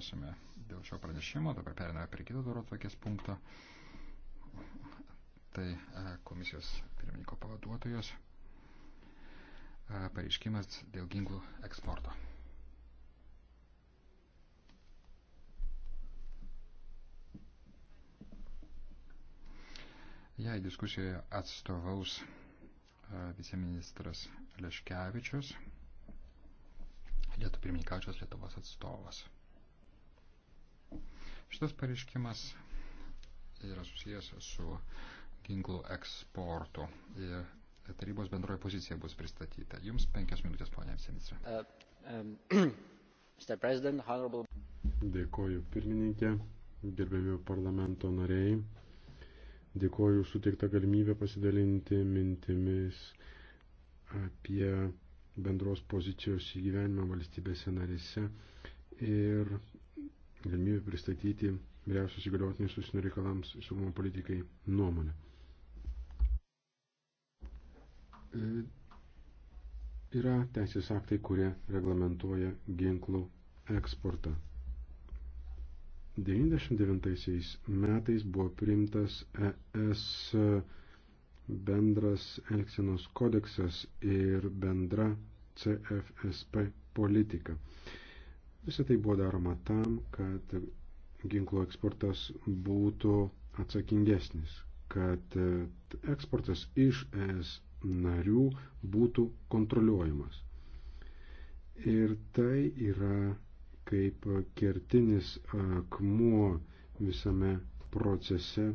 balsuosime dėl šio pranešimo. Dabar periname prie kito doro tokies punkto. Tai e, komisijos pirmininko pavaduotojos e, pareiškimas dėl ginklų eksporto. Jei diskusijoje atstovaus e, viceministras Leškevičius, Lietuvų pirmininkaučios Lietuvos atstovas. Šitas pareiškimas yra susijęs su ginklų eksportu ir tarybos bendroji pozicija bus pristatyta. Jums penkias minutės, ponė Sinistra. Uh, um, Dėkoju pirmininkė, gerbėmių parlamento nariai. Dėkoju suteiktą galimybę pasidalinti mintimis apie bendros pozicijos įgyvenimą valstybėse narise ir galimybę pristatyti vyriausios įgaliotinės užsienio reikalams saugumo politikai nuomonę. E, yra teisės aktai, kurie reglamentuoja ginklų eksportą. 99 metais buvo priimtas ES bendras elgsenos kodeksas ir bendra CFSP politika. Visą tai buvo daroma tam, kad ginklo eksportas būtų atsakingesnis, kad eksportas iš ES narių būtų kontroliuojamas. Ir tai yra kaip kertinis akmuo visame procese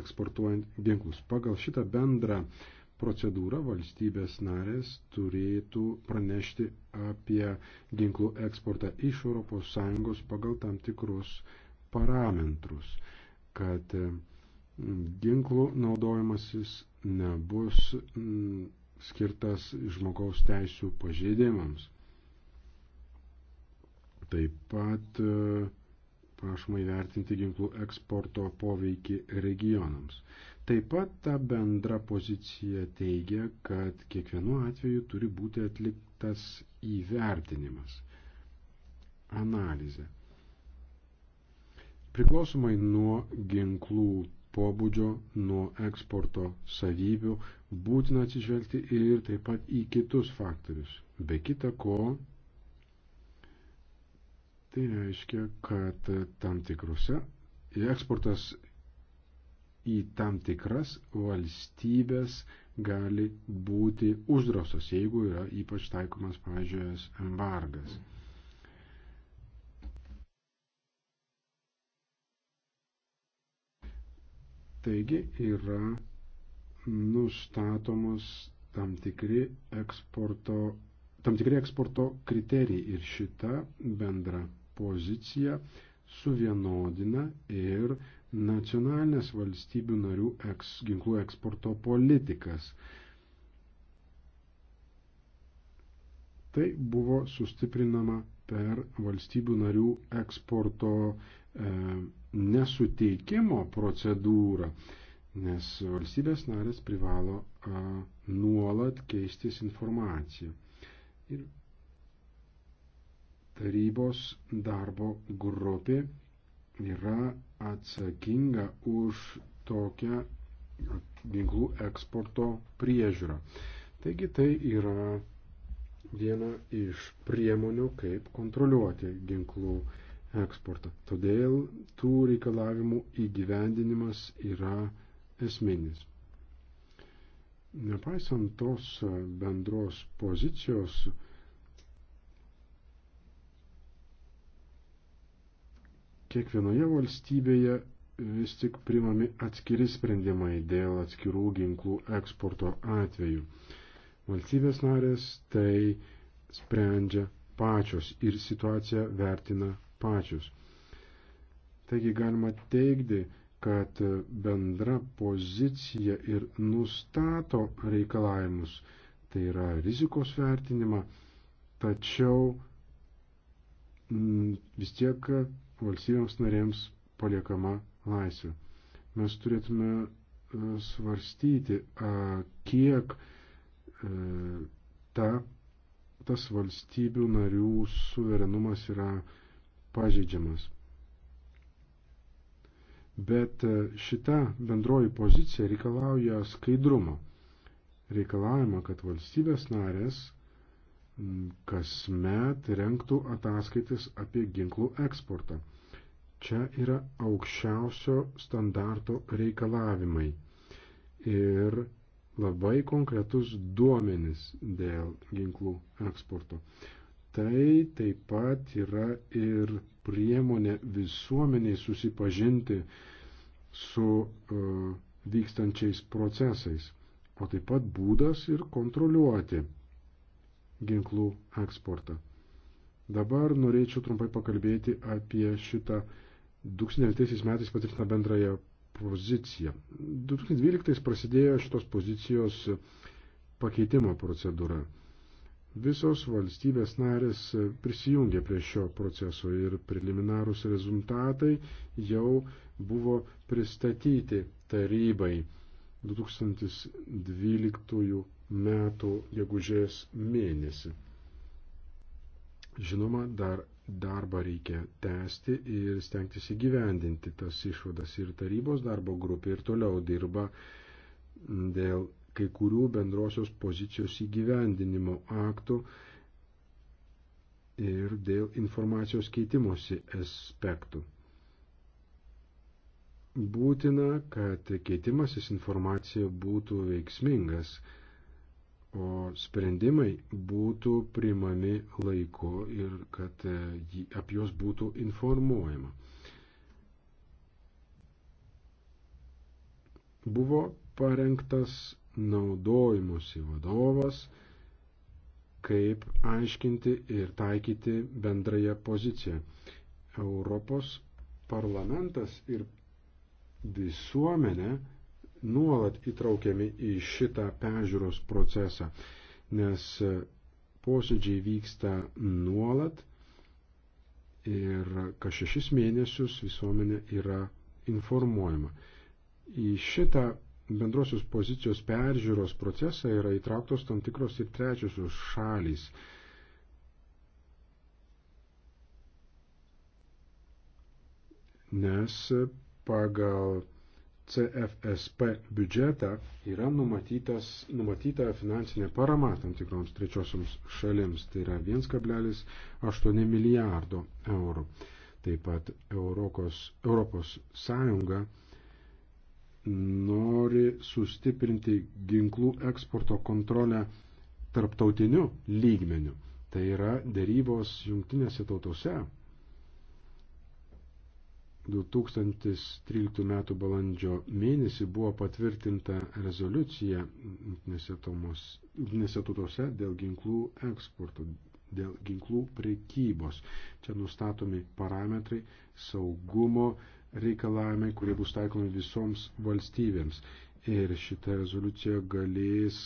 eksportuojant ginklus. Pagal šitą bendrą procedūrą valstybės narės turėtų pranešti apie ginklų eksportą iš ES pagal tam tikrus parametrus, kad ginklų naudojimasis nebus skirtas žmogaus teisų pažeidimams. Taip pat e, prašoma įvertinti ginklų eksporto poveikį regionams. Taip pat ta bendra pozicija teigia, kad kiekvienu atveju turi būti atliktas įvertinimas, analizė. Priklausomai nuo ginklų pobūdžio, nuo eksporto savybių būtina atsižvelgti ir taip pat į kitus faktorius. Be kita ko, tai reiškia, kad tam tikrose eksportas į tam tikras valstybės gali būti uždraustos, jeigu yra ypač taikomas, pavyzdžiui, embargas. Taigi yra nustatomos tam tikri eksporto, tam tikri eksporto kriterijai ir šita bendra pozicija suvienodina ir nacionalinės valstybių narių eks, ginklų eksporto politikas. Tai buvo sustiprinama per valstybių narių eksporto e, nesuteikimo procedūrą, nes valstybės narės privalo e, nuolat keistis informaciją. Ir tarybos darbo grupė yra atsakinga už tokią ginklų eksporto priežiūrą. Taigi tai yra viena iš priemonių, kaip kontroliuoti ginklų eksportą. Todėl tų reikalavimų įgyvendinimas yra esminis. Nepaisant tos bendros pozicijos, kiekvienoje valstybėje vis tik primami atskiri sprendimai dėl atskirų ginklų eksporto atveju. Valstybės narės tai sprendžia pačios ir situaciją vertina pačios. Taigi galima teigti, kad bendra pozicija ir nustato reikalavimus, tai yra rizikos vertinimą, tačiau mm, vis tiek valstybėms narėms paliekama laisvė. Mes turėtume e, svarstyti, kiek e, ta, tas valstybių narių suverenumas yra pažeidžiamas. Bet e, šita bendroji pozicija reikalauja skaidrumo. Reikalavimą, kad valstybės narės kasmet renktų ataskaitis apie ginklų eksportą. Čia yra aukščiausio standarto reikalavimai ir labai konkretus duomenis dėl ginklų eksporto. Tai taip pat yra ir priemonė visuomeniai susipažinti su uh, vykstančiais procesais, o taip pat būdas ir kontroliuoti ginklų eksportą. Dabar norėčiau trumpai pakalbėti apie šitą 2009 metais patvirtintą bendrąją poziciją. 2012 prasidėjo šitos pozicijos pakeitimo procedūra. Visos valstybės narės prisijungė prie šio proceso ir preliminarūs rezultatai jau buvo pristatyti tarybai 2012 metų gegužės mėnesį. Žinoma, dar darbą reikia tęsti ir stengtis įgyvendinti tas išvadas ir tarybos darbo grupė ir toliau dirba dėl kai kurių bendrosios pozicijos įgyvendinimo aktų ir dėl informacijos keitimosi aspektų. Būtina, kad keitimasis informacija būtų veiksmingas o sprendimai būtų primami laiku ir kad e, apie juos būtų informuojama. Buvo parengtas naudojimusi vadovas, kaip aiškinti ir taikyti bendrąją poziciją. Europos parlamentas ir visuomenė nuolat įtraukiami į šitą pežiūros procesą, nes posėdžiai vyksta nuolat ir kas šešis mėnesius visuomenė yra informuojama. Į šitą bendrosios pozicijos peržiūros procesą yra įtrauktos tam tikros ir trečiosios šalys. Nes pagal CFSP biudžetą yra numatyta finansinė parama tam tikroms trečiosioms šalims, tai yra 1,8 milijardo eurų. Taip pat Europos, Europos Sąjunga nori sustiprinti ginklų eksporto kontrolę tarptautiniu lygmeniu. Tai yra dėrybos jungtinėse tautose 2013 m. balandžio mėnesį buvo patvirtinta rezoliucija Jungtinėse tautose dėl ginklų eksporto, dėl ginklų prekybos. Čia nustatomi parametrai saugumo reikalavimai, kurie bus taikomi visoms valstybėms. Ir šita rezoliucija galės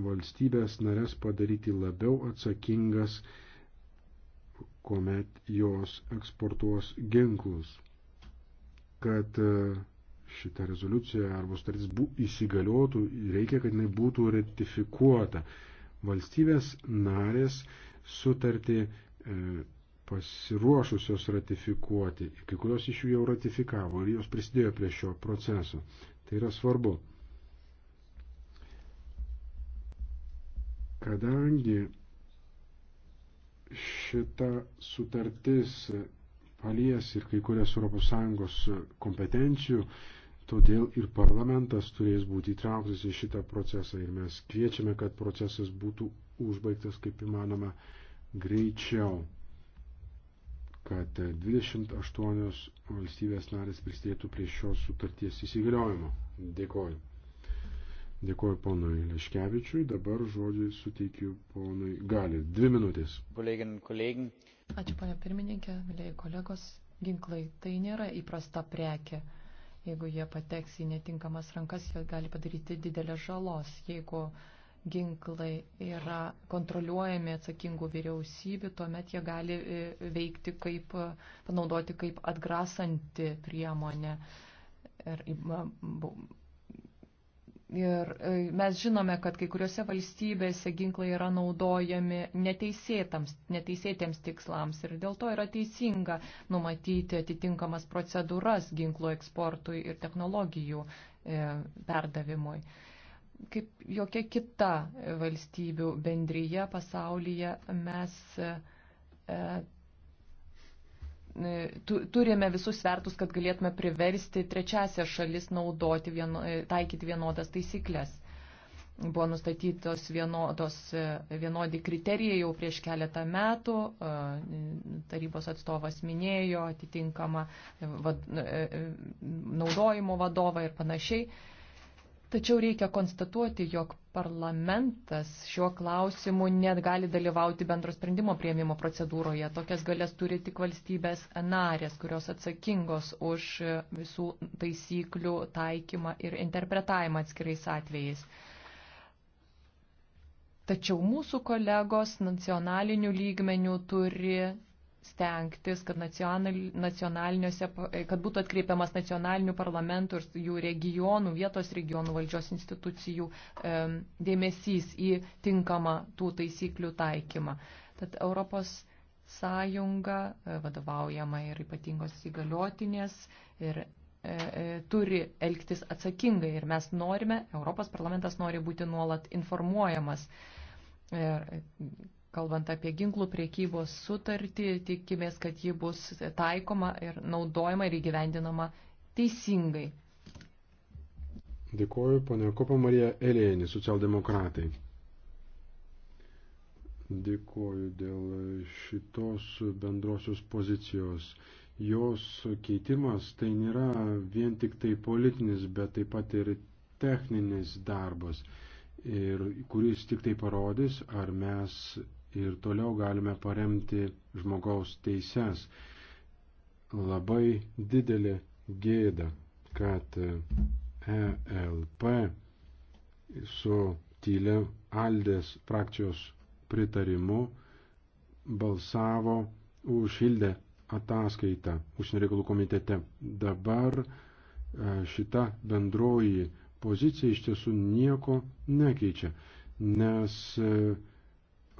valstybės narės padaryti labiau atsakingas kuomet jos eksportuos ginklus, kad e, šita rezoliucija arba sutartis įsigaliotų, reikia, kad jinai būtų ratifikuota. Valstybės narės sutartį e, pasiruošusios ratifikuoti, kai kurios iš jų jau ratifikavo ir jos prisidėjo prie šio proceso. Tai yra svarbu. Kadangi šita sutartis palies ir kai kurias ES kompetencijų, todėl ir parlamentas turės būti įtrauktas į šitą procesą ir mes kviečiame, kad procesas būtų užbaigtas kaip įmanoma greičiau, kad 28 valstybės narės pristėtų prie šios sutarties įsigaliojimo. Dėkoju. Dėkuoju ponui Leškevičiui, dabar žodžiai suteikiu ponui Gali. Dvi minutės. Kolegin, kolegin. Ačiū, ponia pirmininkė, mėlyje kolegos. Ginklai tai nėra įprasta prekė. Jeigu jie pateks į netinkamas rankas, jie gali padaryti didelę žalos. Jeigu ginklai yra kontroliuojami atsakingų vyriausybių, tuomet jie gali e, veikti kaip, e, panaudoti kaip atgrasanti priemonė. Ir e, Ir e, mes žinome, kad kai kuriuose valstybėse ginklai yra naudojami neteisėtiems tikslams ir dėl to yra teisinga numatyti atitinkamas procedūras ginklų eksportui ir technologijų e, perdavimui. Kaip jokia kita valstybių bendryje pasaulyje mes e, E, turime visus svertus, kad galėtume priversti trečiasią šalis naudoti, vieno, e, taikyti vienodas taisyklės. Buvo nustatytos vienodos, e, vienodi kriterijai jau prieš keletą metų, tarybos atstovas minėjo atitinkamą vad, naudojimo vadovą ir panašiai Tačiau reikia konstatuoti, jog parlamentas šiuo klausimu net gali dalyvauti bendro sprendimo prieimimo procedūroje. Tokias galės turi tik valstybės narės, kurios atsakingos už visų taisyklių taikymą ir interpretavimą atskirais atvejais. Tačiau mūsų kolegos nacionalinių lygmenių turi stengtis, kad, kad būtų atkreipiamas nacionalinių parlamentų ir jų regionų, vietos regionų valdžios institucijų dėmesys į tinkamą tų taisyklių taikymą. Tad Europos sąjunga, e, vadovaujama ir ypatingos įgaliotinės, ir e, e, turi elgtis atsakingai ir mes norime, Europos parlamentas nori būti nuolat informuojamas. Ir Kalbant apie ginklų priekybos sutartį, tikimės, kad ji bus taikoma ir naudojama ir įgyvendinama teisingai. Dėkuoju, ponia Kopa Marija Elėnė, socialdemokratai. Dėkuoju dėl šitos bendrosios pozicijos. Jos keitimas tai nėra vien tik tai politinis, bet taip pat ir techninis darbas, ir kuris tik tai parodys, ar mes ir toliau galime paremti žmogaus teises. Labai didelė gėda, kad ELP su tylė Aldės frakcijos pritarimu balsavo už Hildę ataskaitą užsienio reikalų komitete. Dabar e, šita bendroji pozicija iš tiesų nieko nekeičia, nes e,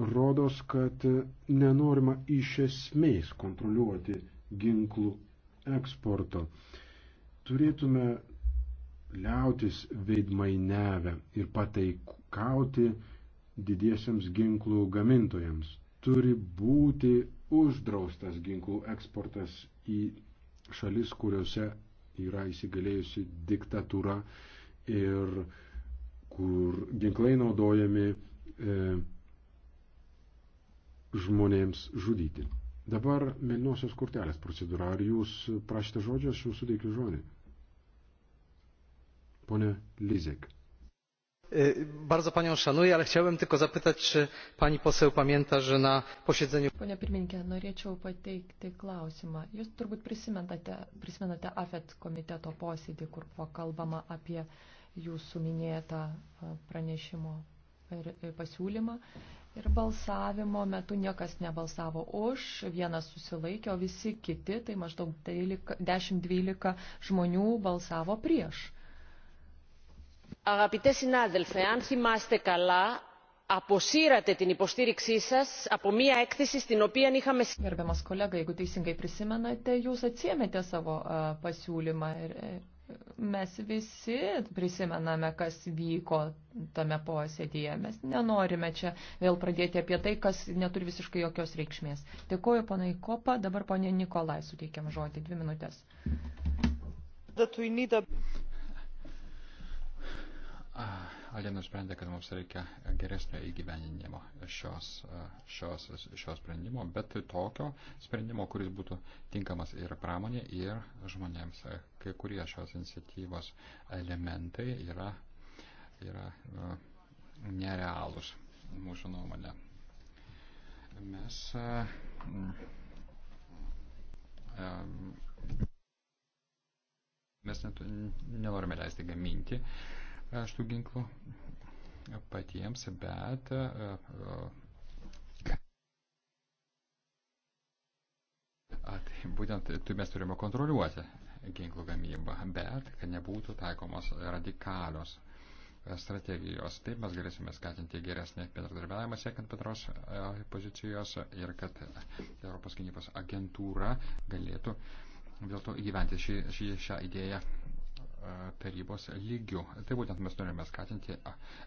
rodos, kad nenorima iš esmės kontroliuoti ginklų eksporto. Turėtume liautis veidmainevę ir pateikauti didiesiams ginklų gamintojams. Turi būti uždraustas ginklų eksportas į šalis, kuriuose yra įsigalėjusi diktatūra ir kur ginklai naudojami e, žmonėms žudyti. Dabar mėlynosios kortelės procedūra. Ar jūs prašyte žodžio, aš jums suteikiu žodį. Pone Lizek. E, bardzo Panią szanuję, ale chciałem tylko zapytać, czy Pani poseł pamięta, że na posiedzeniu... Panie pirmininkė, norėčiau pateikti klausimą. Jūs turbūt prisimenate, prisimenate AFET komiteto posėdį, kur buvo kalbama apie jūsų minėtą pranešimo e, pasiūlymą. Ir balsavimo metu niekas nebalsavo už, vienas susilaikė, o visi kiti, tai maždaug 10-12 žmonių balsavo prieš. Αγαπητέ συνάδελφε, αν θυμάστε καλά, αποσύρατε την υποστήριξή σας από μία έκθεση στην οποία είχαμε... Gerbiamas kolega, jeigu teisingai prisimenate, jūs atsiemėte savo uh, pasiūlymą ir uh, mes visi prisimename, kas vyko tame posėdėje. Mes nenorime čia vėl pradėti apie tai, kas neturi visiškai jokios reikšmės. Dėkuoju panai Kopa, dabar ponė Nikolai suteikiam žodį. Dvi minutės. Alė nusprendė, kad mums reikia geresnio įgyveninimo šios, šios, šios sprendimo, bet tokio sprendimo, kuris būtų tinkamas ir pramonė, ir žmonėms. Kai kurie šios iniciatyvos elementai yra, yra nerealūs, mūsų nuomonė. Mes. Mes net, nenorime leisti gaminti uh, šitų ginklų patiems, bet e, A, tai būtent tai mes turime kontroliuoti ginklų gamybą, bet kad nebūtų taikomos radikalios strategijos. Taip mes galėsime skatinti geresnį bendradarbiavimą siekiant bendros e, pozicijos ir kad Europos gynybos agentūra galėtų dėl to įgyventi šį, šį, šią idėją tarybos lygių. Tai būtent mes norime skatinti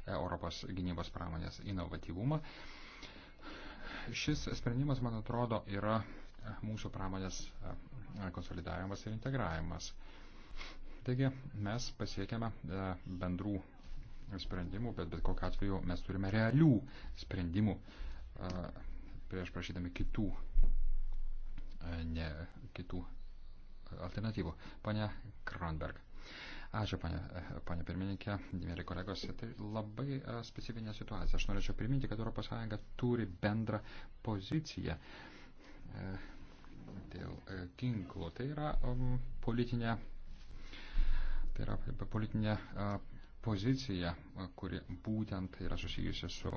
Europos gynybos pramonės inovatyvumą. Šis sprendimas, man atrodo, yra mūsų pramonės konsolidavimas ir integravimas. Taigi mes pasiekėme bendrų sprendimų, bet bet kokiu atveju mes turime realių sprendimų prieš prašydami kitų, ne, kitų alternatyvų. Pane Kronberg. Ačiū, panė, panė pirmininkė, mėly kolegos. Tai labai e, specifinė situacija. Aš norėčiau priminti, kad ES turi bendrą poziciją e, dėl e, ginklų. Tai yra um, politinė, tai yra politinė pozicija, kuri būtent yra susijusi su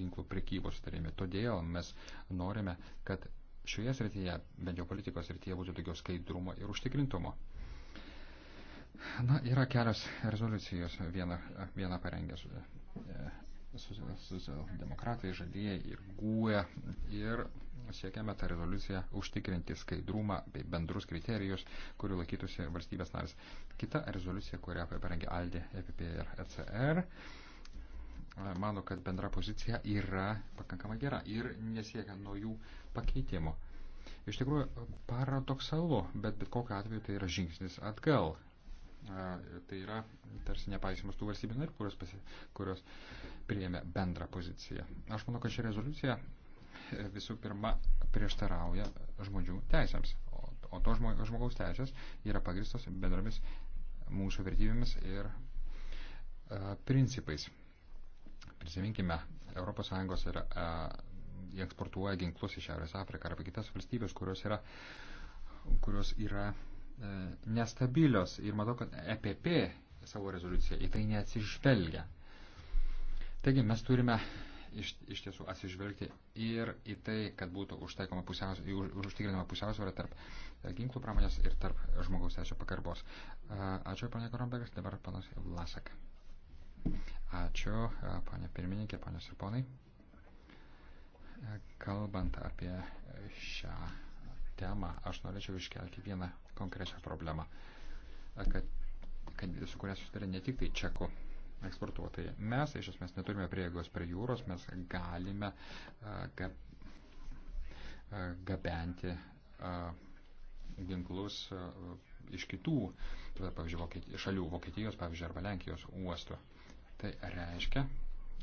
ginklų prekybos sutarimi. Todėl mes norime, kad šioje srityje, bent jau politikos srityje, būtų daugiau skaidrumo ir užtikrintumo. Na, yra kelios rezoliucijos, vieną, vieną parengęs e, socialdemokratai, žalieji ir gūė. Ir siekiame tą rezoliuciją užtikrinti skaidrumą bei bendrus kriterijus, kurių laikytųsi valstybės narės. Kita rezoliucija, kurią parengė Aldė, EPP ir ECR, mano, kad bendra pozicija yra pakankamai gera ir nesiekia naujų pakeitimų. Iš tikrųjų, paradoksalu, bet bet kokiu atveju tai yra žingsnis atgal Tai yra tarsi nepaisimas tų valstybės narių, kurios, pasi, kurios priėmė bendrą poziciją. Aš manau, kad ši rezoliucija e, visų pirma prieštarauja žmonių teisėms, o, o to žmogaus teisės yra pagristos bendromis mūsų vertybėmis ir e, principais. Prisiminkime, ES yra, e, eksportuoja ginklus į Šiaurės Afriką arba kitas valstybės, kurios yra, kurios yra E, nestabilios ir matau, kad EPP savo rezoliuciją į tai neatsižvelgia. Taigi mes turime iš, iš tiesų atsižvelgti ir į tai, kad būtų užtaikoma pusiausvė, už, užtikrinama pusiausvėra tarp e, ginklų pramonės ir tarp žmogaus teisų pagarbos. E, ačiū, panė Korombegas, dabar panas Vlasak. Ačiū, panė pirmininkė, panės ir ponai. Kalbant apie šią temą, aš norėčiau iškelti vieną konkrečią problemą, kad, kad, su kuria susitarė ne tik tai čekų eksportuotojai. Mes iš esmės neturime prieigos prie jūros, mes galime uh, gabenti uh, ginklus uh, iš kitų, pavyzdžiui, Vokietijos, šalių Vokietijos, pavyzdžiui, arba Lenkijos uostų. Tai reiškia,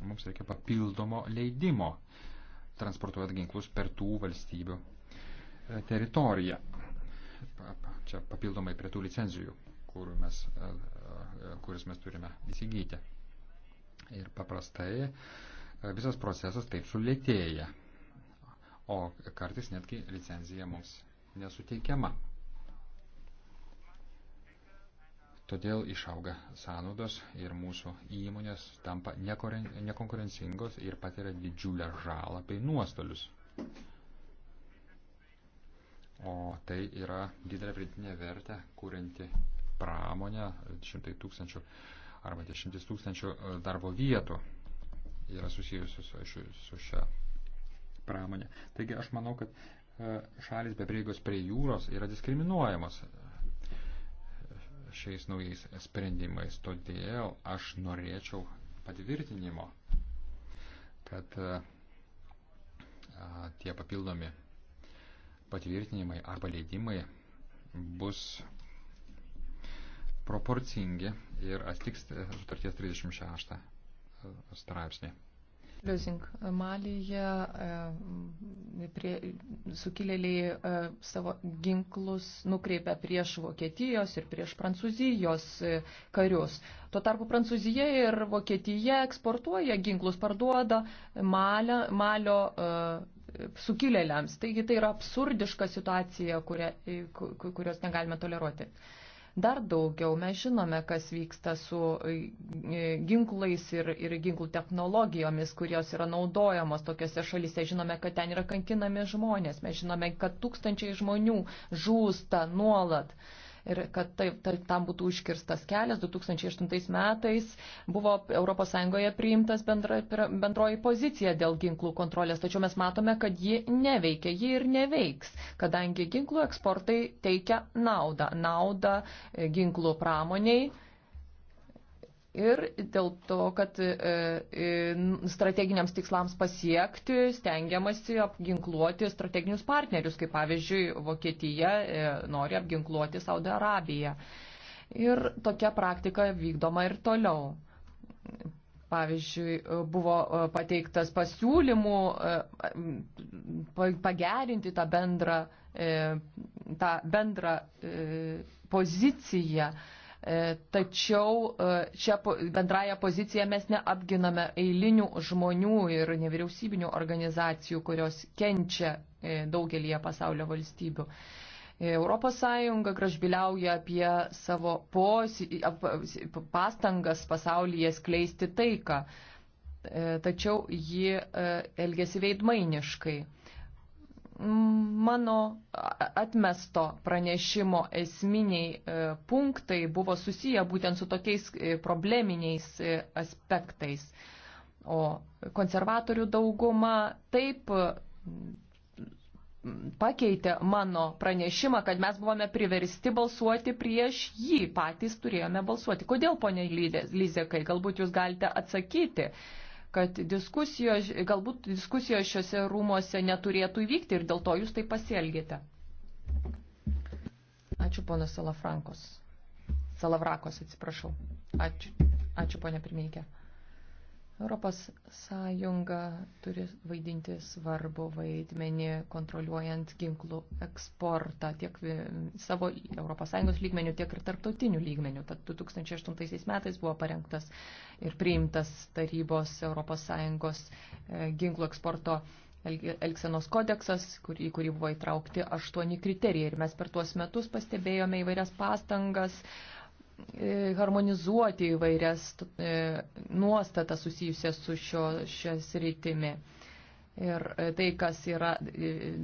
mums reikia papildomo leidimo transportuojant ginklus per tų valstybių teritoriją. Čia papildomai prie tų licenzijų, kur mes, e, e, kuris mes turime įsigyti. Ir paprastai e, visas procesas taip sulėtėja, o kartais netgi licenzija mums nesuteikiama. Todėl išauga sąnaudos ir mūsų įmonės tampa nekonkurencingos ir patiria didžiulę žalą bei nuostolius. O tai yra didelė pridinė vertė, kurianti pramonę, šimtai tūkstančių arba dešimtis tūkstančių e, darbo vietų yra susijusios su, su šia pramonė. Taigi aš manau, kad e, šalis be prieigos prie jūros yra diskriminuojamos e, šiais naujais sprendimais. Todėl aš norėčiau patvirtinimo, kad a, tie papildomi patvirtinimai arba leidimai bus proporcingi ir atitiks sutarties 36 e, straipsnį. Liuzink, Malyje prie, sukilėliai e, savo ginklus nukreipia prieš Vokietijos ir prieš Prancūzijos e, karius. Tuo tarpu Prancūzija ir Vokietija eksportuoja ginklus, parduoda Malio, Malio sukilėliams. Taigi tai yra absurdiška situacija, kuria, kurios negalime toleruoti. Dar daugiau mes žinome, kas vyksta su ginklais ir, ir ginklų technologijomis, kurios yra naudojamos tokiose šalise. Žinome, kad ten yra kankinami žmonės. Mes žinome, kad tūkstančiai žmonių žūsta nuolat. Uh, ir kad taip, taip, tam būtų užkirstas kelias. 2008 metais buvo ES priimtas bendra, bendroji pozicija dėl ginklų kontrolės, tačiau mes matome, kad ji neveikia, ji ir neveiks, kadangi ginklų eksportai teikia naudą, naudą e, ginklų pramoniai ir dėl to, kad e, e, strateginiams tikslams pasiekti stengiamasi apginkluoti strateginius partnerius, kaip pavyzdžiui Vokietija e, nori apginkluoti Saudo Arabiją. Ir tokia praktika vykdoma ir toliau. Pavyzdžiui, buvo pateiktas pasiūlymų pagerinti tą bendrą, tą bendrą poziciją E, tačiau čia e, bendrają poziciją mes neapginame eilinių žmonių ir nevyriausybinių organizacijų, kurios kenčia e, daugelie pasaulio valstybių. ES gražbiliauja apie savo posi, pastangas pasaulyje skleisti taiką, tačiau ji elgesi veidmainiškai mano atmesto pranešimo esminiai e, punktai buvo susiję būtent su tokiais e, probleminiais e, aspektais. O konservatorių dauguma taip pakeitė mano pranešimą, kad mes buvome priversti balsuoti prieš jį, patys turėjome balsuoti. Kodėl, ponė Lyzė, kai galbūt jūs galite atsakyti? Uh, kad diskusijos, galbūt diskusijos šiuose rūmose neturėtų įvykti ir dėl to jūs tai pasielgėte. Ačiū, ponas Salafrankos. Salavrakos, atsiprašau. Ačiū, ačiū ponė pirmininkė. Europos Sąjunga turi vaidinti svarbu vaidmenį kontroliuojant ginklų eksportą tiek savo Europos Sąjungos lygmenių, tiek ir tarptautinių lygmenių. Tad 2008 metais buvo parengtas ir priimtas tarybos Europos Sąjungos e, ginklų eksporto Elksenos kodeksas, kur, į kurį buvo įtraukti aštuoni kriterijai. Ir mes per tuos metus pastebėjome įvairias pastangas uh, E, harmonizuoti įvairias e, nuostatas susijusias su šio, šias rytimi. Ir e, tai, kas yra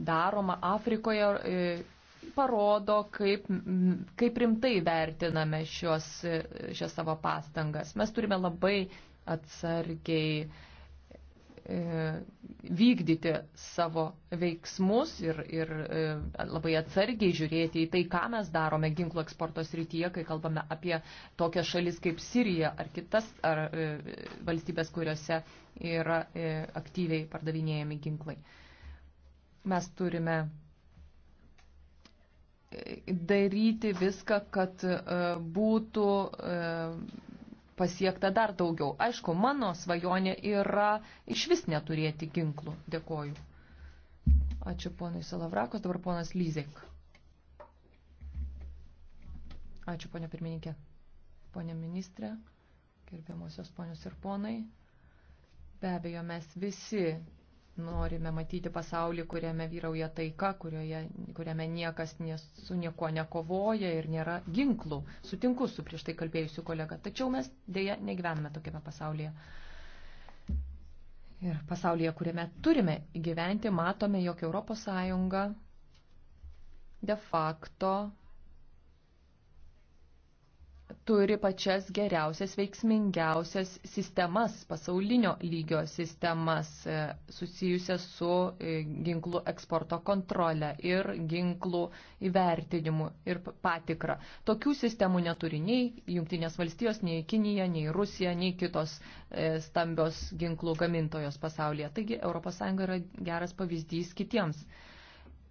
daroma Afrikoje, parodo, kaip, kaip rimtai vertiname šios, šias savo pastangas. Mes turime labai atsargiai E, vykdyti savo veiksmus ir, ir e, labai atsargiai žiūrėti į tai, ką mes darome ginklo eksporto srityje, kai kalbame apie tokias šalis kaip Sirija ar kitas ar e, valstybės, kuriuose yra aktyviai pardavinėjami ginklai. Mes turime daryti viską, kad būtų pasiekta dar daugiau. Aišku, mano svajonė yra iš vis neturėti ginklų. Dėkoju. Ačiū ponui Salavrakos, dabar ponas Lyzek. Ačiū ponė pirmininkė, ponė ministrė, gerbiamosios ponios ir ponai. Be abejo, mes visi Norime matyti pasaulį, kuriame vyrauja taika, kurioje, kuriame niekas nes, su niekuo nekovoja ir nėra ginklų. Sutinku su prieš tai kalbėjusiu kolega. Tačiau mes dėja negyvename tokiame pasaulyje. Ir pasaulyje, kuriame turime gyventi, matome, jog ES de facto turi pačias geriausias, veiksmingiausias sistemas, pasaulinio lygio sistemas e, susijusias su e, ginklų eksporto kontrole ir ginklų įvertinimu ir patikra. Tokių sistemų neturi nei Junktinės valstijos, nei Kinija, nei Rusija, nei kitos e, stambios ginklų gamintojos pasaulyje. Taigi ES yra geras pavyzdys kitiems.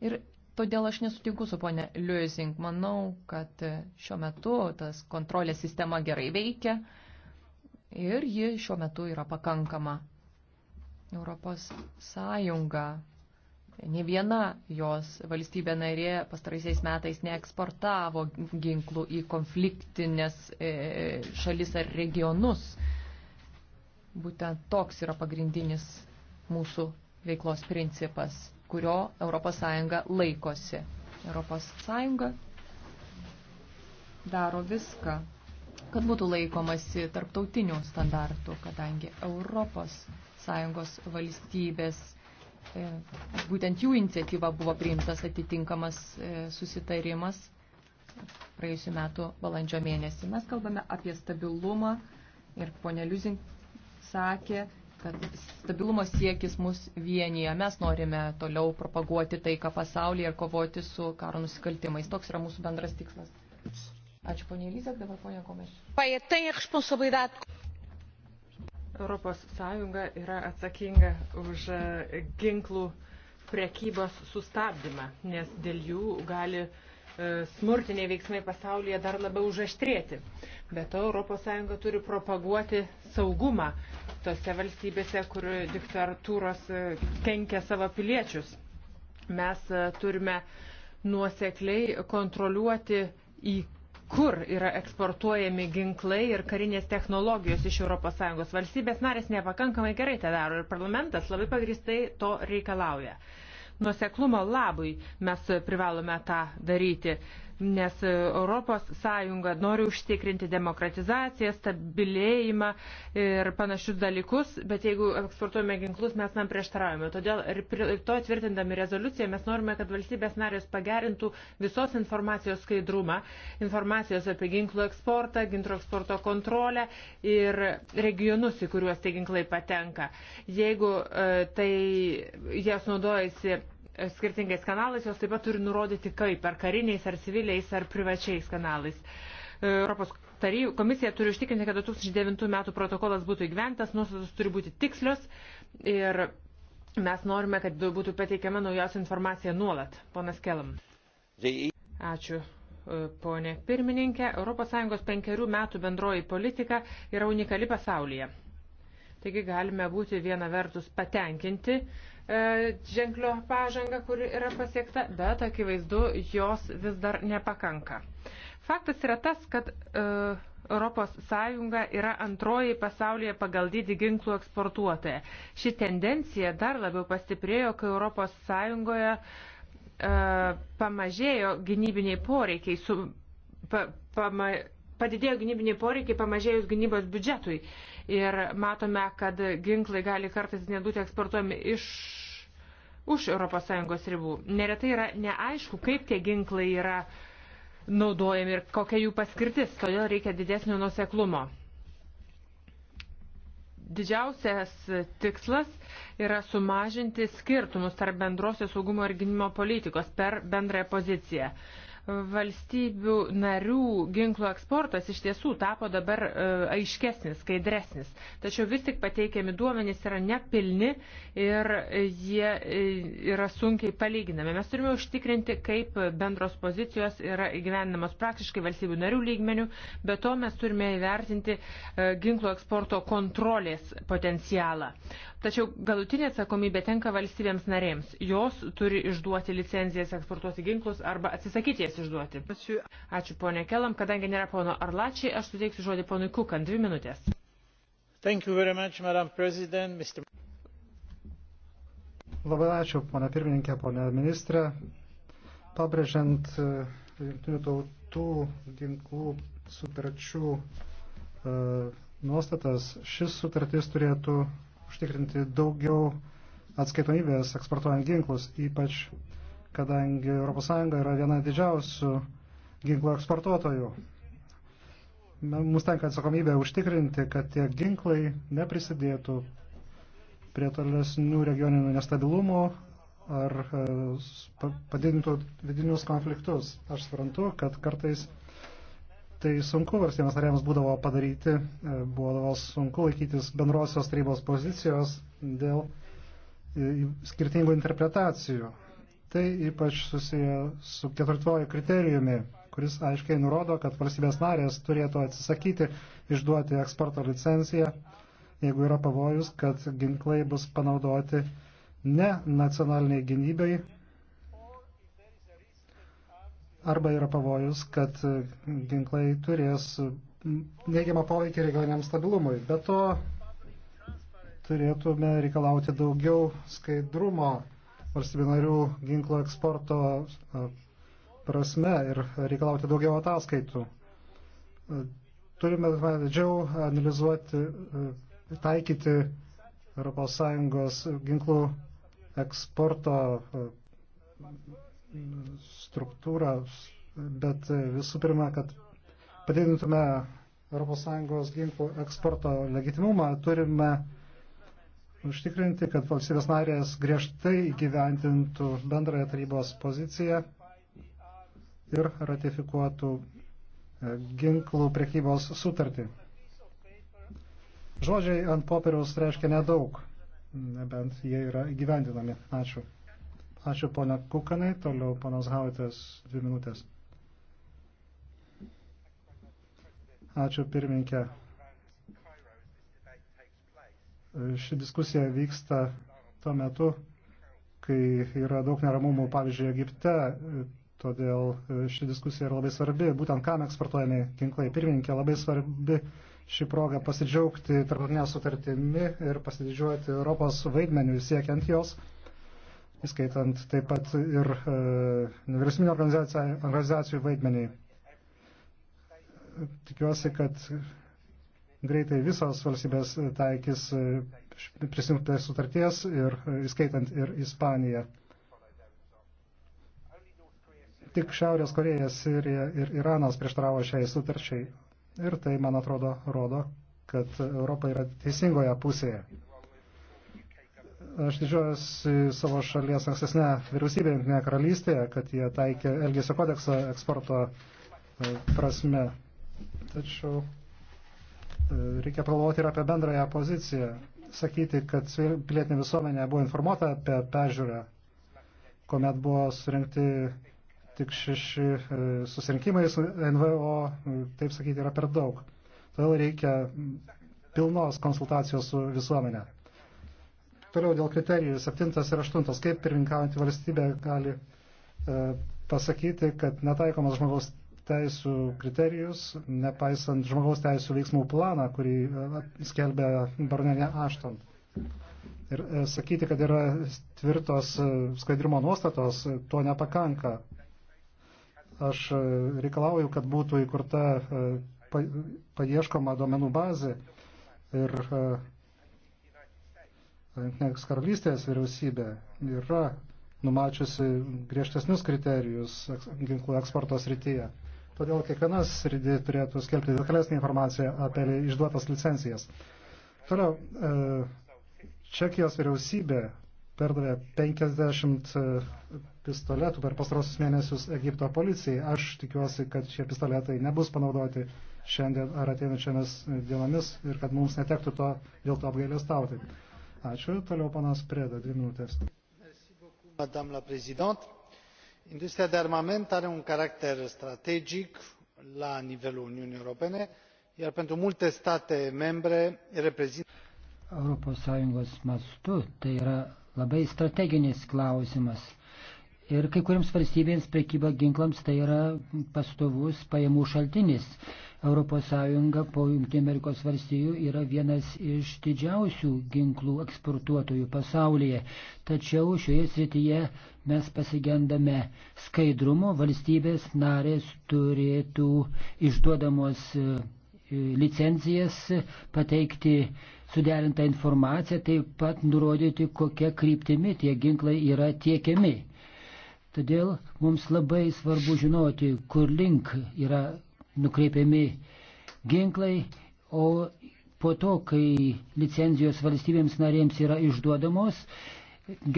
Ir Todėl aš nesutinku su ponė Liuzing. Manau, kad šiuo metu tas kontrolės sistema gerai veikia ir ji šiuo metu yra pakankama. Europos Sąjunga, ne viena jos valstybė narė pastaraisiais metais neeksportavo ginklų į konfliktinės e, šalis ar regionus. Būtent toks yra pagrindinis mūsų veiklos principas kurio ES laikosi. ES daro viską, kad būtų laikomasi tarptautinių standartų, kadangi ES valstybės, e, būtent jų iniciatyva buvo priimtas atitinkamas e, susitarimas praėjusiu metu balandžio mėnesį. Mes kalbame apie stabilumą ir ponė Liuzin sakė, kad stabilumo siekis mus vienyje. Mes norime toliau propaguoti taiką pasaulyje ir kovoti su karo nusikaltimais. Toks yra mūsų bendras tikslas. Ačiū ponia Elizabeth, dabar ponia Gomes. Tai Europos Sąjunga yra atsakinga už e, ginklų prekybos sustabdymą, nes dėl jų gali e, smurtiniai veiksmai pasaulyje dar labiau užaštrėti. Be to, ES turi propaguoti saugumą tose valstybėse, kur diktatūros e, kenkia savo piliečius. Mes e, turime nuosekliai kontroliuoti į kur yra eksportuojami ginklai ir karinės technologijos iš ES. Valstybės narės nepakankamai gerai tą daro ir parlamentas labai pagristai to reikalauja. Nuoseklumo labui mes privalome tą daryti nes ES nori užtikrinti demokratizaciją, stabilėjimą ir panašius dalykus, bet jeigu eksportuojame ginklus, mes tam prieštaraujame. Todėl ir to tvirtindami rezoliuciją mes norime, kad valstybės narės pagerintų visos informacijos skaidrumą, informacijos apie ginklų eksportą, ginklų eksporto kontrolę ir regionus, į kuriuos tie ginklai patenka. Jeigu e, tai jas naudojasi E, skirtingais kanalais, jos taip pat turi nurodyti kaip, ar kariniais, ar civiliais, ar privačiais kanalais. E, Europos taryjų, komisija turi užtikrinti, kad 2009 metų protokolas būtų įgyventas, nuostatos turi būti tikslios ir mes norime, kad būtų pateikiama naujausia informacija nuolat. Ponas Kelam. Ačiū. E, Pone pirmininkė, ES penkerių metų bendroji politika yra unikali pasaulyje. Taigi galime būti viena vertus patenkinti, E, ženklio pažanga, kuri yra pasiekta, bet akivaizdu, jos vis dar nepakanka. Faktas yra tas, kad ES yra antroji pasaulyje pagal dydį ginklų eksportuotoja. Ši tendencija dar labiau pastiprėjo, kai ES e, pamažėjo gynybiniai poreikiai, su, pa, pama, padidėjo gynybiniai poreikiai pamažėjus gynybos biudžetui. Uh, Ir matome, kad ginklai gali kartais nebūti eksportuojami iš už ES ribų. Neretai yra neaišku, kaip tie ginklai yra naudojami ir kokia jų paskirtis, todėl reikia didesnio nuseklumo. Didžiausias tikslas yra sumažinti skirtumus tarp bendrosios saugumo ir gynimo politikos per bendrąją poziciją valstybių narių ginklų eksportas iš tiesų tapo dabar e, aiškesnis, skaidresnis. Tačiau vis tik pateikiami duomenys yra nepilni ir jie e, yra sunkiai palyginami. Mes turime užtikrinti, kaip bendros pozicijos yra įgyvendinamos praktiškai valstybių narių lygmenių, bet to mes turime įvertinti e, ginklų eksporto kontrolės potencialą. Tačiau galutinė atsakomybė tenka valstybėms narėms. Jos turi išduoti licenzijas eksportuoti ginklus arba atsisakyti jas galės išduoti. Ačiū ponė Kelam, kadangi nėra pono Arlačiai, aš suteiksiu žodį ponui Kukan, dvi minutės. Much, Mr... Labai ačiū, ponia pirmininkė, ponia ministrė. Pabrėžiant e, jungtinių tautų ginklų sutarčių uh, nuostatas, šis sutartis turėtų užtikrinti daugiau atskaitomybės eksportuojant ginklus, ypač kadangi ES yra viena didžiausių ginklų eksportuotojų. Mums tenka atsakomybė užtikrinti, kad tie ginklai neprisidėtų prie tolesnių regioninių nestabilumų ar e, padidintų vidinius konfliktus. Aš suprantu, kad kartais tai sunku valstybėms narėms būdavo padaryti, e, būdavo sunku laikytis bendrosios tarybos pozicijos dėl e, skirtingų interpretacijų. Tai ypač susiję su ketvirtuoju kriterijumi, kuris aiškiai nurodo, kad valstybės narės turėtų atsisakyti išduoti eksporto licenciją, jeigu yra pavojus, kad ginklai bus panaudoti ne nacionaliniai gynybai arba yra pavojus, kad ginklai turės neigiamą poveikį regioniam stabilumui. Be to turėtume reikalauti daugiau skaidrumo valstybių narių ginklo eksporto prasme ir reikalauti daugiau ataskaitų. Turime didžiau analizuoti, taikyti ES ginklų eksporto struktūrą, bet visų pirma, kad padidintume ES ginklų eksporto legitimumą, turime užtikrinti, kad valstybės narės griežtai gyventintų bendrąją tarybos poziciją ir ratifikuotų e, ginklų prekybos sutartį. Žodžiai ant popieriaus reiškia nedaug, nebent jie yra gyvendinami. Ačiū. Ačiū ponia Kukanai, toliau panas Hautas, dvi minutės. Ačiū pirminkė. Ši diskusija vyksta tuo metu, kai yra daug neramumų, pavyzdžiui, Egipte, todėl e, ši diskusija yra labai svarbi, būtent kam eksportuojami ginklai. Pirmininkė, labai svarbi šį progą pasidžiaugti tarptautinę sutartimi ir pasididžiuoti Europos vaidmeniu siekiant jos, įskaitant taip pat ir e, nevyriausybinio organizacijų vaidmenį. Tikiuosi, kad greitai visos valstybės taikys e, prisimtą sutarties ir e, įskaitant ir Ispaniją. Tik Šiaurės Koreja, Sirija ir Iranas prieštaravo šiai sutarčiai. Ir tai, man atrodo, rodo, kad Europa yra teisingoje pusėje. Aš didžiuojuosi savo šalies ankstesnė vyriausybė Junktinėje karalystėje, kad jie taikė Elgesio kodeksą eksporto e, prasme. Tačiau reikia pagalvoti ir apie bendrąją poziciją. Sakyti, kad pilietinė visuomenė buvo informuota apie peržiūrą, kuomet buvo surinkti tik šeši e, susirinkimai su NVO, e, taip sakyti, yra per daug. Todėl reikia pilnos konsultacijos su visuomenė. Toliau dėl kriterijų 7 ir 8. Kaip pirmininkaujantį valstybę gali e, pasakyti, kad netaikomas žmogaus teisų kriterijus, nepaisant žmogaus teisų veiksmų planą, kurį e, skelbė baronė Ašton. Ir e, sakyti, kad yra tvirtos e, skaidrimo nuostatos, to nepakanka. Aš reikalauju, kad būtų įkurta paieškoma duomenų bazė ir Junktinės karalystės vyriausybė yra numačiusi griežtesnius kriterijus ginklų eksporto srityje. Todėl kiekvienas srity turėtų skelbti detalesnį informaciją apie išduotas licencijas. Toliau, e, Čekijos vyriausybė perdavė 50 e, pistoletų per pastarosius mėnesius Egipto policijai. Aš tikiuosi, kad šie pistoletai nebus panaudoti šiandien ar ateinančiamis dienomis ir kad mums netektų to dėl to apgailestauti. Ačiū. Toliau panas Prėda, dvi minutės. Madame la Présidente, industria de armament are un caracter strategic la nivelul uniunii europene iar pentru multe state membre e reprezintă. europos sąjungos mastu tai yra labai strateginis klausimas Ir kai kuriams valstybėms prekyba ginklams tai yra pastovus pajamų šaltinis. ES po JAV yra vienas iš didžiausių ginklų eksportuotojų pasaulyje. Tačiau šioje srityje mes pasigendame skaidrumo. Valstybės narės turėtų išduodamos e, licencijas pateikti suderintą informaciją, taip pat nurodyti, kokia kryptimi tie ginklai yra tiekiami Todėl mums labai svarbu žinoti, kur link yra nukreipiami ginklai, o po to, kai licenzijos valstybėms narėms yra išduodamos,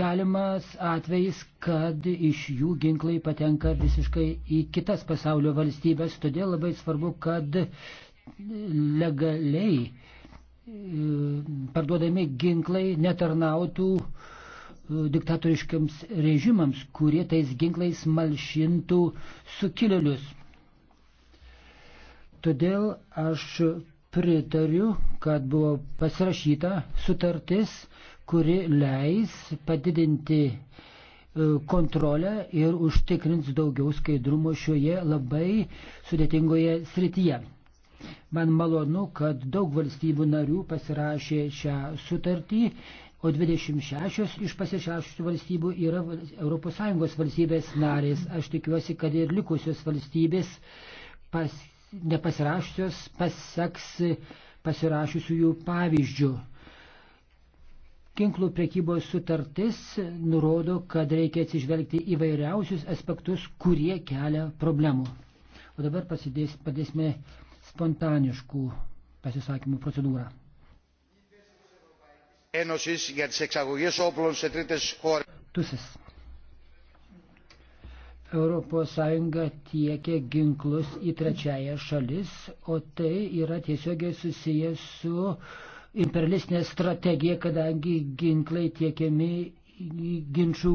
galimas atvejis, kad iš jų ginklai patenka visiškai į kitas pasaulio valstybės, todėl labai svarbu, kad legaliai e, parduodami ginklai netarnautų uh, diktatoriškiams režimams, kurie tais ginklais malšintų sukilėlius. Todėl aš pritariu, kad buvo pasirašyta sutartis, kuri leis padidinti e, kontrolę ir užtikrins daugiau skaidrumo šioje labai sudėtingoje srityje. Man malonu, kad daug valstybių narių pasirašė šią sutartį, o 26 iš pasišešusių valstybių yra ES valstybės narės. Aš tikiuosi, kad ir likusios valstybės pas, nepasirašusios paseks pasirašusiųjų pavyzdžių. Ginklų prekybos sutartis nurodo, kad reikia atsižvelgti įvairiausius aspektus, kurie kelia problemų. O dabar pasidės, padėsime spontaniškų pasisakymų procedūrą. Ένωσης για τις εξαγωγές όπλων σε τρίτες χώρες. Τούσες. ES tiekia ginklus į trečiąją šalis, o tai yra tiesiogiai susijęs su imperialistinė strategija, kadangi ginklai tiekiami ginčių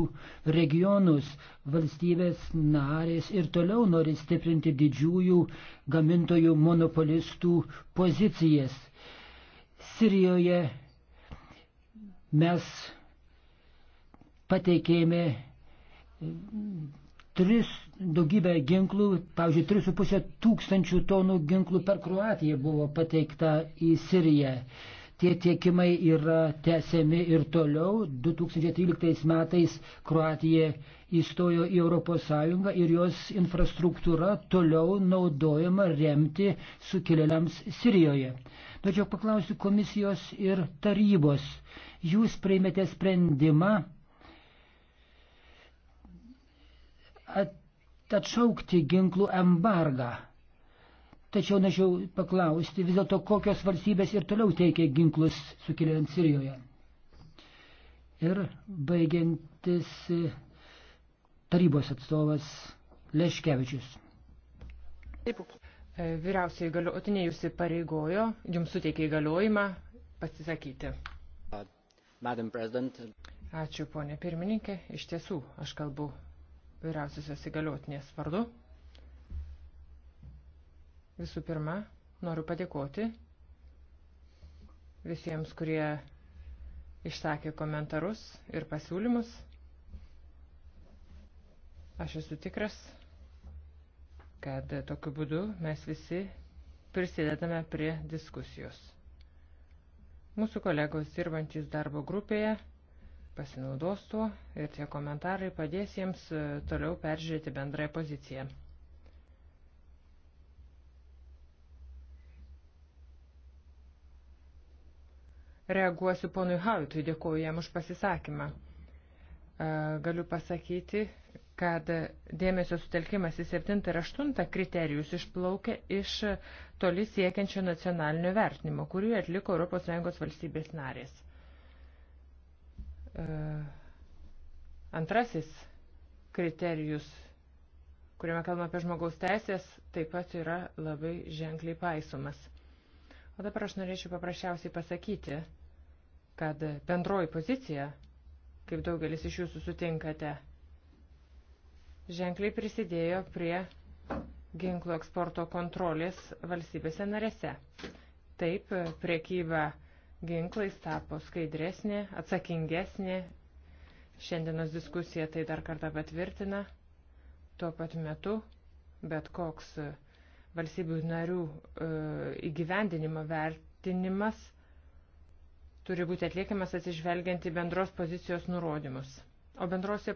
regionus. Valstybės narės ir toliau nori stiprinti didžiųjų gamintojų monopolistų pozicijas. Sirijoje mes pateikėme tris daugybę ginklų, pavyzdžiui, 3,5 tūkstančių tonų ginklų per Kroatiją buvo pateikta į Siriją. Tie tiekimai yra tęsiami ir toliau. 2013 metais Kroatija įstojo į ES ir jos infrastruktūra toliau naudojama remti sukilėliams Sirijoje. Tačiau paklausiu komisijos ir tarybos. Jūs priimėte sprendimą atšaukti ginklų embargą. Tačiau norėčiau paklausti, vis dėlto kokios valstybės ir toliau teikia ginklus sukilėliams Sirijoje. Ir baigiantis e, tarybos atstovas Leškevičius. E, vyriausiai įgaliotinė jūs įpareigojo, jums suteikė įgaliojimą pasisakyti. Ačiū, ponė pirmininkė. Iš tiesų, aš kalbu vyriausiosios įgaliotinės vardu. Visų pirma, noriu padėkoti visiems, kurie išsakė komentarus ir pasiūlymus. Aš esu tikras, kad tokiu būdu mes visi prisidedame prie diskusijos. Mūsų kolegos dirbantis darbo grupėje pasinaudos tuo ir tie komentarai padės jiems e, toliau peržiūrėti bendrąją poziciją. Reaguosiu ponui Hautui, dėkuoju jam už pasisakymą. E, galiu pasakyti, kad dėmesio sutelkimas į 7 ir 8 kriterijus išplaukia iš toli siekiančio nacionalinio vertinimo, kurį atliko ES valstybės narės. E, antrasis kriterijus, kuriame kalbame apie žmogaus teisės, taip pat yra labai ženkliai paisumas. O dabar aš norėčiau paprasčiausiai pasakyti, kad bendroji pozicija, kaip daugelis iš jūsų sutinkate, ženkliai prisidėjo prie ginklų eksporto kontrolės valstybėse narėse. Taip, priekyba ginklais tapo skaidresnė, atsakingesnė. Šiandienos diskusija tai dar kartą patvirtina. Tuo pat metu bet koks e, valstybių narių e, įgyvendinimo vertinimas turi būti atliekamas atsižvelgiant į bendros pozicijos nurodymus. O bendroje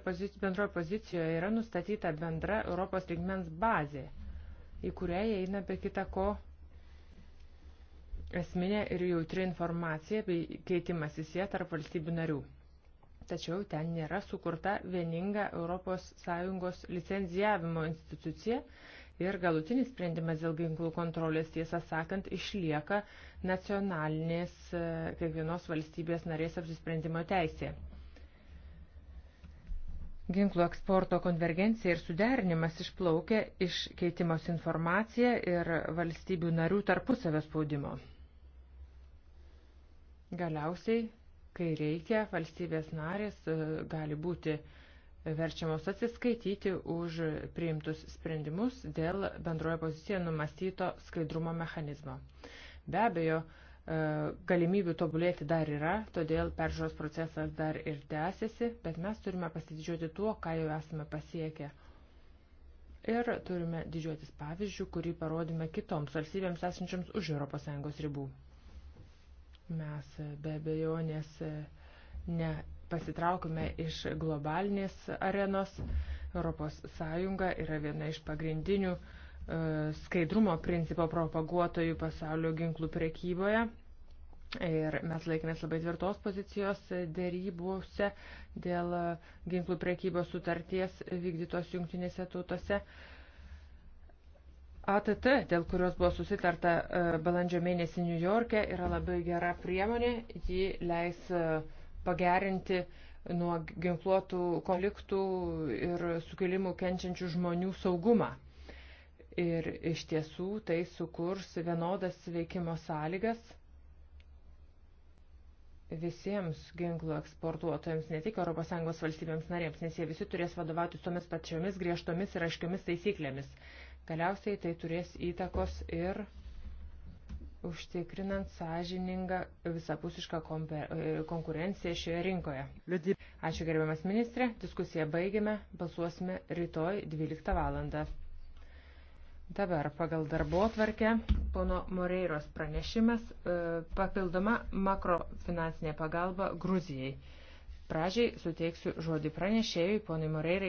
pozicijoje yra nustatyta bendra Europos lygmens bazė, į kurią įeina be kita ko esminė ir jautri informacija bei keitimasis jie tarp valstybių narių. Tačiau ten nėra sukurta vieninga ES licenzijavimo institucija ir galutinis sprendimas dėl ginklų kontrolės, tiesą sakant, išlieka nacionalinės e, kiekvienos valstybės narės apsisprendimo teisė. Ginklų eksporto konvergencija ir suderinimas išplaukia iš keitimos informacija ir valstybių narių tarpusavio spaudimo. Galiausiai, kai reikia, valstybės narės e, gali būti verčiamos atsiskaityti už priimtus sprendimus dėl bendroje pozicijoje numastyto skaidrumo mechanizmo. Be abejo, E, galimybių tobulėti dar yra, todėl peržiūros procesas dar ir tęsiasi, bet mes turime pasididžiuoti tuo, ką jau esame pasiekę. Ir turime didžiuotis pavyzdžių, kurį parodime kitoms valstybėms esančiams už ES ribų. Mes e, be abejonės e, nepasitraukime iš globalinės arenos. ES yra viena iš pagrindinių uh, E, skaidrumo principo propaguotojų pasaulio ginklų prekyboje. Ir mes laikėmės labai tvirtos pozicijos dėrybose dėl ginklų prekybos sutarties vykdytos jungtinėse tautose. ATT, dėl kurios buvo susitarta e, balandžio mėnesį New York'e, yra labai gera priemonė. Ji leis e, pagerinti nuo ginkluotų konfliktų ir sukilimų kenčiančių žmonių saugumą ir iš tiesų tai sukurs vienodas veikimo sąlygas visiems ginklų eksportuotojams, ne tik ES valstybėms narėms, nes jie visi turės vadovauti tomis pačiomis griežtomis ir aiškiomis taisyklėmis. Galiausiai tai turės įtakos ir užtikrinant sąžiningą visapusišką konkurenciją šioje rinkoje. Ačiū gerbiamas ministrė, diskusiją baigėme, balsuosime rytoj 12 valandą. Dabar pagal darbo atvarkę pono Moreiros pranešimas e, papildoma makrofinansinė pagalba Gruzijai. Pražiai suteiksiu žodį pranešėjui ponui Moreirai.